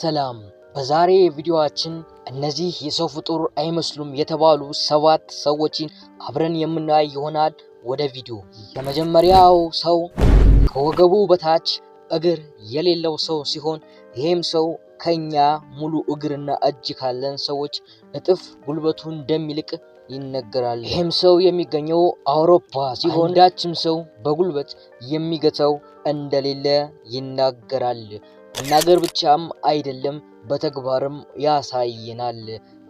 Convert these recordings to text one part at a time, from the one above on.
ሰላም በዛሬ ቪዲዮአችን እነዚህ የሰው ፍጡር አይመስሉም የተባሉ ሰባት ሰዎችን አብረን የምናይ ይሆናል። ወደ ቪዲዮ። የመጀመሪያው ሰው ከወገቡ በታች እግር የሌለው ሰው ሲሆን ይህም ሰው ከኛ ሙሉ እግርና እጅ ካለን ሰዎች እጥፍ ጉልበቱን እንደሚልቅ ይነገራል። ይህም ሰው የሚገኘው አውሮፓ ሲሆን አንዳችም ሰው በጉልበት የሚገታው እንደሌለ ይናገራል። መናገር ብቻም አይደለም በተግባርም ያሳየናል።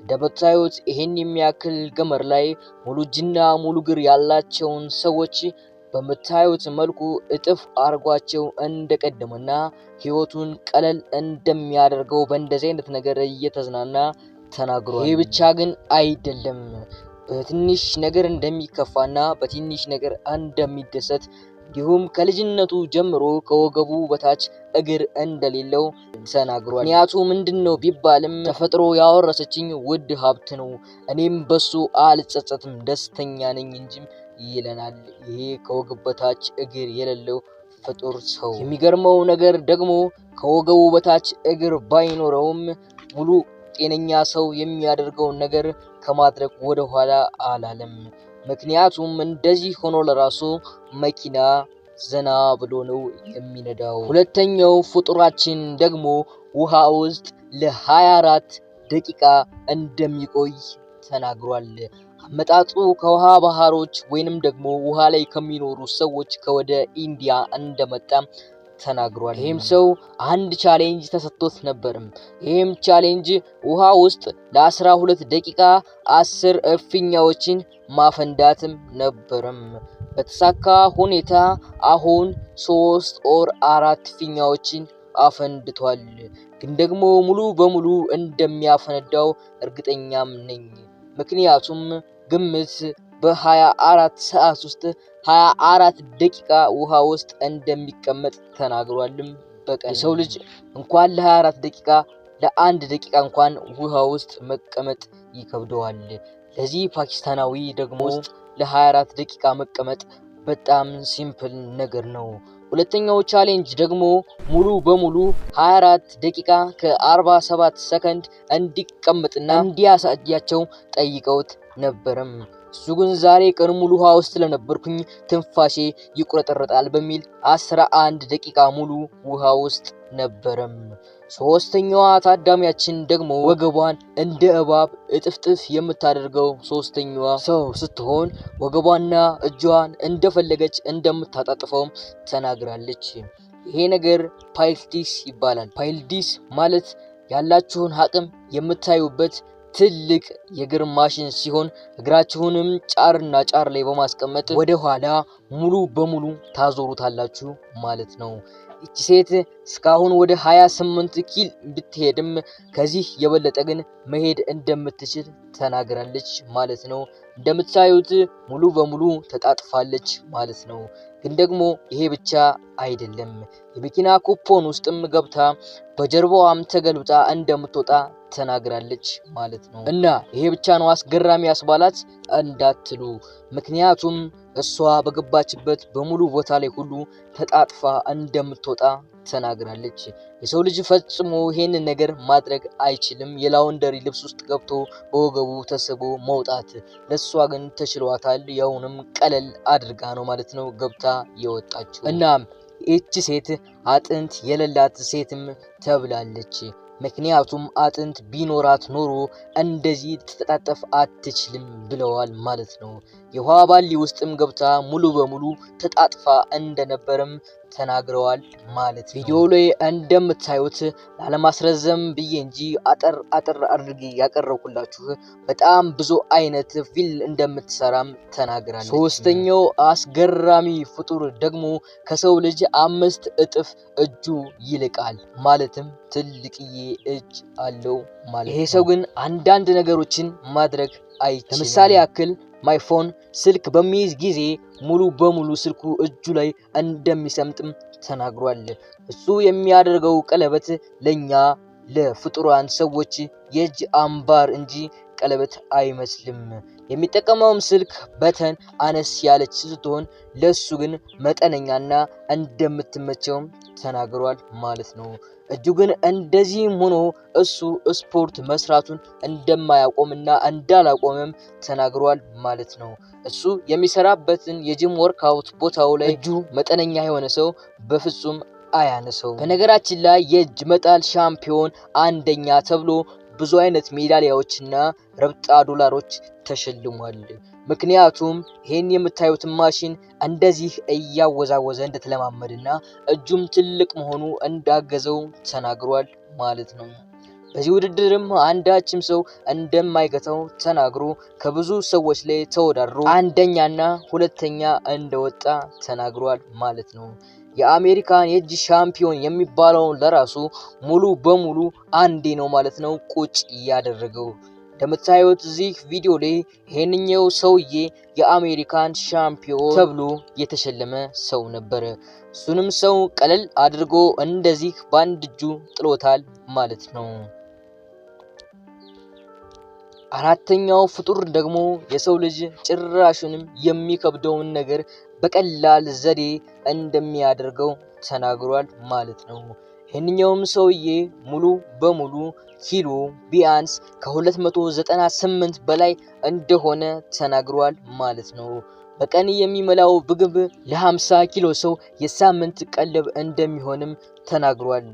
ደብረታዮት ይህን የሚያክል ገመድ ላይ ሙሉ እጅና ሙሉ እግር ያላቸውን ሰዎች በምታዩት መልኩ እጥፍ አድርጓቸው እንደቀደመና ህይወቱን ቀለል እንደሚያደርገው በእንደዚህ አይነት ነገር እየተዝናና ተናግሯል። ይህ ብቻ ግን አይደለም። በትንሽ ነገር እንደሚከፋና በትንሽ ነገር እንደሚደሰት እንዲሁም ከልጅነቱ ጀምሮ ከወገቡ በታች እግር እንደሌለው ተናግሯል። ምክንያቱ ምንድን ነው ቢባልም ተፈጥሮ ያወረሰችኝ ውድ ሀብት ነው፣ እኔም በሱ አልጸጸትም፣ ደስተኛ ነኝ እንጂም ይለናል። ይሄ ከወገብ በታች እግር የሌለው ፍጡር ሰው። የሚገርመው ነገር ደግሞ ከወገቡ በታች እግር ባይኖረውም ሙሉ ጤነኛ ሰው የሚያደርገውን ነገር ከማድረግ ወደ ኋላ አላለም። ምክንያቱም እንደዚህ ሆኖ ለራሱ መኪና ዘና ብሎ ነው የሚነዳው። ሁለተኛው ፍጡራችን ደግሞ ውሃ ውስጥ ለ24 ደቂቃ እንደሚቆይ ተናግሯል። አመጣጡ ከውሃ ባህሮች ወይንም ደግሞ ውሃ ላይ ከሚኖሩ ሰዎች ከወደ ኢንዲያ እንደመጣ ተናግሯል። ይህም ሰው አንድ ቻሌንጅ ተሰጥቶት ነበርም። ይህም ቻሌንጅ ውሃ ውስጥ ለአስራ ሁለት ደቂቃ አስር እፍኛዎችን ማፈንዳትም ነበርም። በተሳካ ሁኔታ አሁን ሶስት ኦር አራት ፊኛዎችን አፈንድቷል። ግን ደግሞ ሙሉ በሙሉ እንደሚያፈነዳው እርግጠኛም ነኝ። ምክንያቱም ግምት በ24 ሰዓት ውስጥ 24 ደቂቃ ውሃ ውስጥ እንደሚቀመጥ ተናግሯልም። በቀን የሰው ልጅ እንኳን ለ24 ደቂቃ ለአንድ ደቂቃ እንኳን ውሃ ውስጥ መቀመጥ ይከብደዋል። ለዚህ ፓኪስታናዊ ደግሞ ውስጥ ለ24 ደቂቃ መቀመጥ በጣም ሲምፕል ነገር ነው። ሁለተኛው ቻሌንጅ ደግሞ ሙሉ በሙሉ 24 ደቂቃ ከ47 ሰከንድ እንዲቀመጥና እንዲያሳያቸው ጠይቀውት ነበረም። እሱ ግን ዛሬ ቀን ሙሉ ውሃ ውስጥ ስለነበርኩኝ ትንፋሼ ይቁረጠረጣል በሚል አስራ አንድ ደቂቃ ሙሉ ውሃ ውስጥ ነበረም። ሶስተኛዋ ታዳሚያችን ደግሞ ወገቧን እንደ እባብ እጥፍጥፍ የምታደርገው ሶስተኛዋ ሰው ስትሆን ወገቧና እጇን እንደፈለገች እንደምታጣጥፈውም ተናግራለች። ይሄ ነገር ፓይልዲስ ይባላል። ፓይልዲስ ማለት ያላችሁን አቅም የምታዩበት ትልቅ የእግር ማሽን ሲሆን እግራችሁንም ጫርና ጫር ላይ በማስቀመጥ ወደ ኋላ ሙሉ በሙሉ ታዞሩታላችሁ ማለት ነው። እቺ ሴት እስካሁን ወደ 28 ኪል ብትሄድም ከዚህ የበለጠ ግን መሄድ እንደምትችል ተናግራለች ማለት ነው። እንደምታዩት ሙሉ በሙሉ ተጣጥፋለች ማለት ነው። ግን ደግሞ ይሄ ብቻ አይደለም። የመኪና ኩፖን ውስጥም ገብታ በጀርባዋም ተገልብጣ እንደምትወጣ ተናግራለች ማለት ነው። እና ይሄ ብቻ ነው አስገራሚ ያስባላት እንዳትሉ፣ ምክንያቱም እሷ በገባችበት በሙሉ ቦታ ላይ ሁሉ ተጣጥፋ እንደምትወጣ ተናግራለች። የሰው ልጅ ፈጽሞ ይሄንን ነገር ማድረግ አይችልም። የላውንደሪ ልብስ ውስጥ ገብቶ በወገቡ ተስቦ መውጣት ለእሷ ግን ተችሏታል። ያውንም ቀለል አድርጋ ነው ማለት ነው ገብታ የወጣችው እና ይህች ሴት አጥንት የሌላት ሴትም ተብላለች። ምክንያቱም አጥንት ቢኖራት ኖሮ እንደዚህ ልትተጣጠፍ አትችልም ብለዋል ማለት ነው። የውሃ ባሊ ውስጥም ገብታ ሙሉ በሙሉ ተጣጥፋ እንደነበርም ተናግረዋል ማለት ነው። ቪዲዮ ላይ እንደምታዩት ላለማስረዘም ብዬ እንጂ አጠር አጠር አድርጌ ያቀረብኩላችሁ በጣም ብዙ አይነት ፊል እንደምትሰራም ተናግራለች። ሶስተኛው አስገራሚ ፍጡር ደግሞ ከሰው ልጅ አምስት እጥፍ እጁ ይልቃል ማለትም ትልቅዬ እጅ አለው ማለት ነው። ይሄ ሰው ግን አንዳንድ ነገሮችን ማድረግ አይችልም። ለምሳሌ ያክል ማይፎን ስልክ በሚይዝ ጊዜ ሙሉ በሙሉ ስልኩ እጁ ላይ እንደሚሰምጥም ተናግሯል። እሱ የሚያደርገው ቀለበት ለኛ ለፍጡራን ሰዎች የእጅ አምባር እንጂ ቀለበት አይመስልም። የሚጠቀመውም ስልክ በተን አነስ ያለች ስትሆን ለሱ ግን መጠነኛና እንደምትመቸውም ተናግሯል ማለት ነው። እጅጉን እንደዚህም ሆኖ እሱ ስፖርት መስራቱን እንደማያቆምና እንዳላቆመም ተናግሯል ማለት ነው። እሱ የሚሰራበትን የጂም ወርክአውት ቦታው ላይ እጁ መጠነኛ የሆነ ሰው በፍጹም አያነሰው። በነገራችን ላይ የእጅ መጣል ሻምፒዮን አንደኛ ተብሎ ብዙ አይነት ሜዳሊያዎችና ረብጣ ዶላሮች ተሸልሟል። ምክንያቱም ይህን የምታዩትን ማሽን እንደዚህ እያወዛወዘ እንደተለማመድና እጁም ትልቅ መሆኑ እንዳገዘው ተናግሯል ማለት ነው። በዚህ ውድድርም አንዳችም ሰው እንደማይገታው ተናግሮ ከብዙ ሰዎች ላይ ተወዳድሮ አንደኛና ሁለተኛ እንደወጣ ተናግሯል ማለት ነው። የአሜሪካን የእጅ ሻምፒዮን የሚባለውን ለራሱ ሙሉ በሙሉ አንዴ ነው ማለት ነው ቁጭ እያደረገው። እንደምታዩት እዚህ ቪዲዮ ላይ ይሄንኛው ሰውዬ የአሜሪካን ሻምፒዮን ተብሎ የተሸለመ ሰው ነበረ። እሱንም ሰው ቀለል አድርጎ እንደዚህ በአንድ እጁ ጥሎታል ማለት ነው። አራተኛው ፍጡር ደግሞ የሰው ልጅ ጭራሹንም የሚከብደውን ነገር በቀላል ዘዴ እንደሚያደርገው ተናግሯል ማለት ነው። ይህንኛውም ሰውዬ ሙሉ በሙሉ ኪሎ ቢያንስ ከ298 በላይ እንደሆነ ተናግሯል ማለት ነው። በቀን የሚመላው ምግብ ለ50 ኪሎ ሰው የሳምንት ቀለብ እንደሚሆንም ተናግሯል።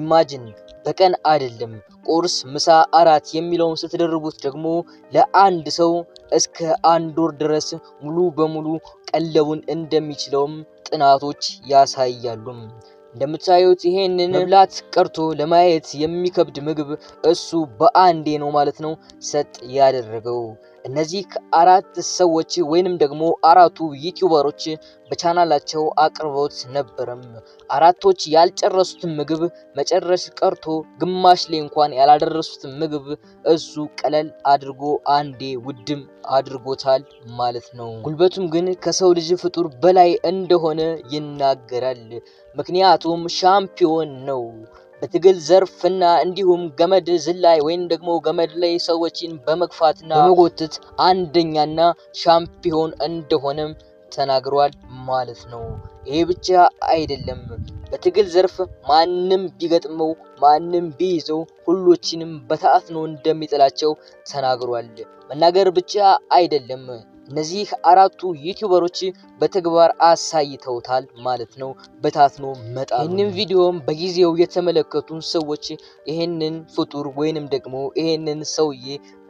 ኢማጅን በቀን አይደለም፣ ቁርስ፣ ምሳ፣ አራት የሚለውን ስትደርቡት ደግሞ ለአንድ ሰው እስከ አንድ ወር ድረስ ሙሉ በሙሉ ቀለቡን እንደሚችለውም ጥናቶች ያሳያሉ። እንደምታዩት ይሄንን መብላት ቀርቶ ለማየት የሚከብድ ምግብ እሱ በአንዴ ነው ማለት ነው ሰጥ ያደረገው። እነዚህ አራት ሰዎች ወይንም ደግሞ አራቱ ዩቲዩበሮች በቻናላቸው አቅርበውት ነበረም። አራቶች ያልጨረሱትን ምግብ መጨረስ ቀርቶ ግማሽ ላይ እንኳን ያላደረሱትን ምግብ እሱ ቀለል አድርጎ አንዴ ውድም አድርጎታል ማለት ነው። ጉልበቱም ግን ከሰው ልጅ ፍጡር በላይ እንደሆነ ይናገራል። ምክንያቱም ሻምፒዮን ነው። በትግል ዘርፍና እንዲሁም ገመድ ዝላይ ወይም ደግሞ ገመድ ላይ ሰዎችን በመግፋትና በመጎትት አንደኛና ሻምፒዮን እንደሆነም ተናግሯል ማለት ነው። ይሄ ብቻ አይደለም። በትግል ዘርፍ ማንም ቢገጥመው ማንም ቢይዘው ሁሎችንም በታአት ነው እንደሚጥላቸው ተናግሯል። መናገር ብቻ አይደለም እነዚህ አራቱ ዩቲዩበሮች በተግባር አሳይተውታል ማለት ነው። በታትኖ መጣ። ይህንን ቪዲዮም በጊዜው የተመለከቱን ሰዎች ይህንን ፍጡር ወይንም ደግሞ ይህንን ሰውዬ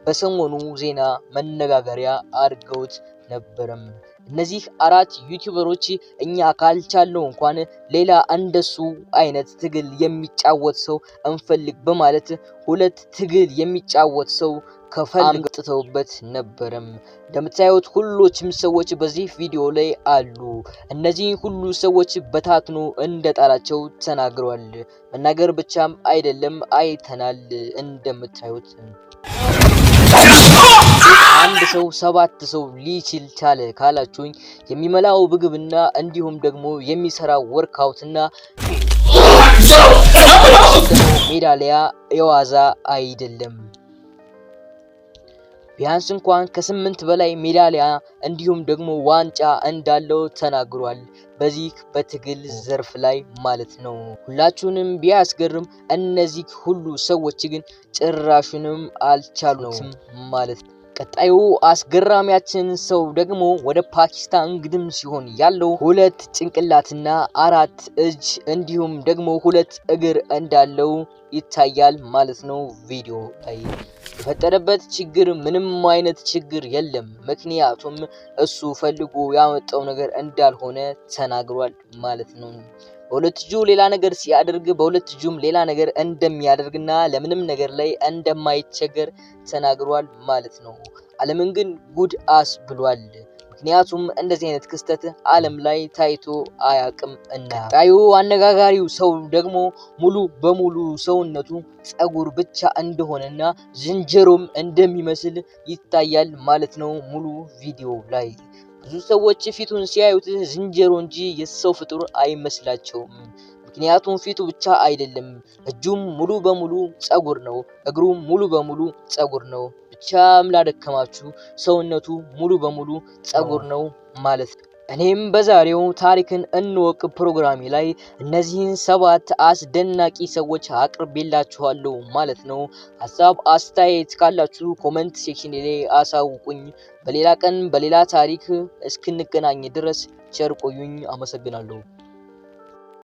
በሰሞኑ ዜና መነጋገሪያ አድርገውት ነበረም። እነዚህ አራት ዩቲዩበሮች እኛ ካልቻለው እንኳን ሌላ እንደሱ አይነት ትግል የሚጫወት ሰው እንፈልግ በማለት ሁለት ትግል የሚጫወት ሰው ከፈልግ ጥተውበት ነበረም። እንደምታዩት ሁሎችም ሰዎች በዚህ ቪዲዮ ላይ አሉ። እነዚህ ሁሉ ሰዎች በታትኖ እንደጣላቸው ተናግሯል። መናገር ብቻም አይደለም አይተናል እንደምታዩት አንድ ሰው ሰባት ሰው ሊችል ቻለ ካላችሁኝ የሚመላው ምግብና እንዲሁም ደግሞ የሚሰራ ወርክአውትና ሜዳሊያ የዋዛ አይደለም። ቢያንስ እንኳን ከስምንት በላይ ሜዳሊያ እንዲሁም ደግሞ ዋንጫ እንዳለው ተናግሯል። በዚህ በትግል ዘርፍ ላይ ማለት ነው። ሁላችሁንም ቢያስገርም እነዚህ ሁሉ ሰዎች ግን ጭራሹንም አልቻሉትም ማለት ነው። ቀጣዩ አስገራሚያችን ሰው ደግሞ ወደ ፓኪስታን ግድም ሲሆን ያለው ሁለት ጭንቅላትና አራት እጅ እንዲሁም ደግሞ ሁለት እግር እንዳለው ይታያል ማለት ነው። ቪዲዮ ላይ የፈጠረበት ችግር ምንም አይነት ችግር የለም፣ ምክንያቱም እሱ ፈልጎ ያመጣው ነገር እንዳልሆነ ተናግሯል ማለት ነው። በሁለት እጁ ሌላ ነገር ሲያደርግ በሁለት እጁም ሌላ ነገር እንደሚያደርግና ለምንም ነገር ላይ እንደማይቸገር ተናግሯል ማለት ነው። ዓለምን ግን ጉድ አስ ብሏል። ምክንያቱም እንደዚህ አይነት ክስተት ዓለም ላይ ታይቶ አያቅም እና ራዩ አነጋጋሪው ሰው ደግሞ ሙሉ በሙሉ ሰውነቱ ጸጉር ብቻ እንደሆነና ዝንጀሮም እንደሚመስል ይታያል ማለት ነው ሙሉ ቪዲዮ ላይ ብዙ ሰዎች ፊቱን ሲያዩት ዝንጀሮ እንጂ የሰው ፍጡር አይመስላቸውም። ምክንያቱም ፊቱ ብቻ አይደለም፣ እጁም ሙሉ በሙሉ ጸጉር ነው፣ እግሩም ሙሉ በሙሉ ጸጉር ነው። ብቻም ላደከማችሁ ሰውነቱ ሙሉ በሙሉ ጸጉር ነው ማለት ነው። እኔም በዛሬው ታሪክን እንወቅ ፕሮግራሜ ላይ እነዚህን ሰባት አስደናቂ ሰዎች አቅርቤላችኋለሁ ማለት ነው። ሀሳብ አስተያየት ካላችሁ ኮመንት ሴክሽን ላይ አሳውቁኝ። በሌላ ቀን በሌላ ታሪክ እስክንገናኝ ድረስ ቸር ቆዩኝ። አመሰግናለሁ።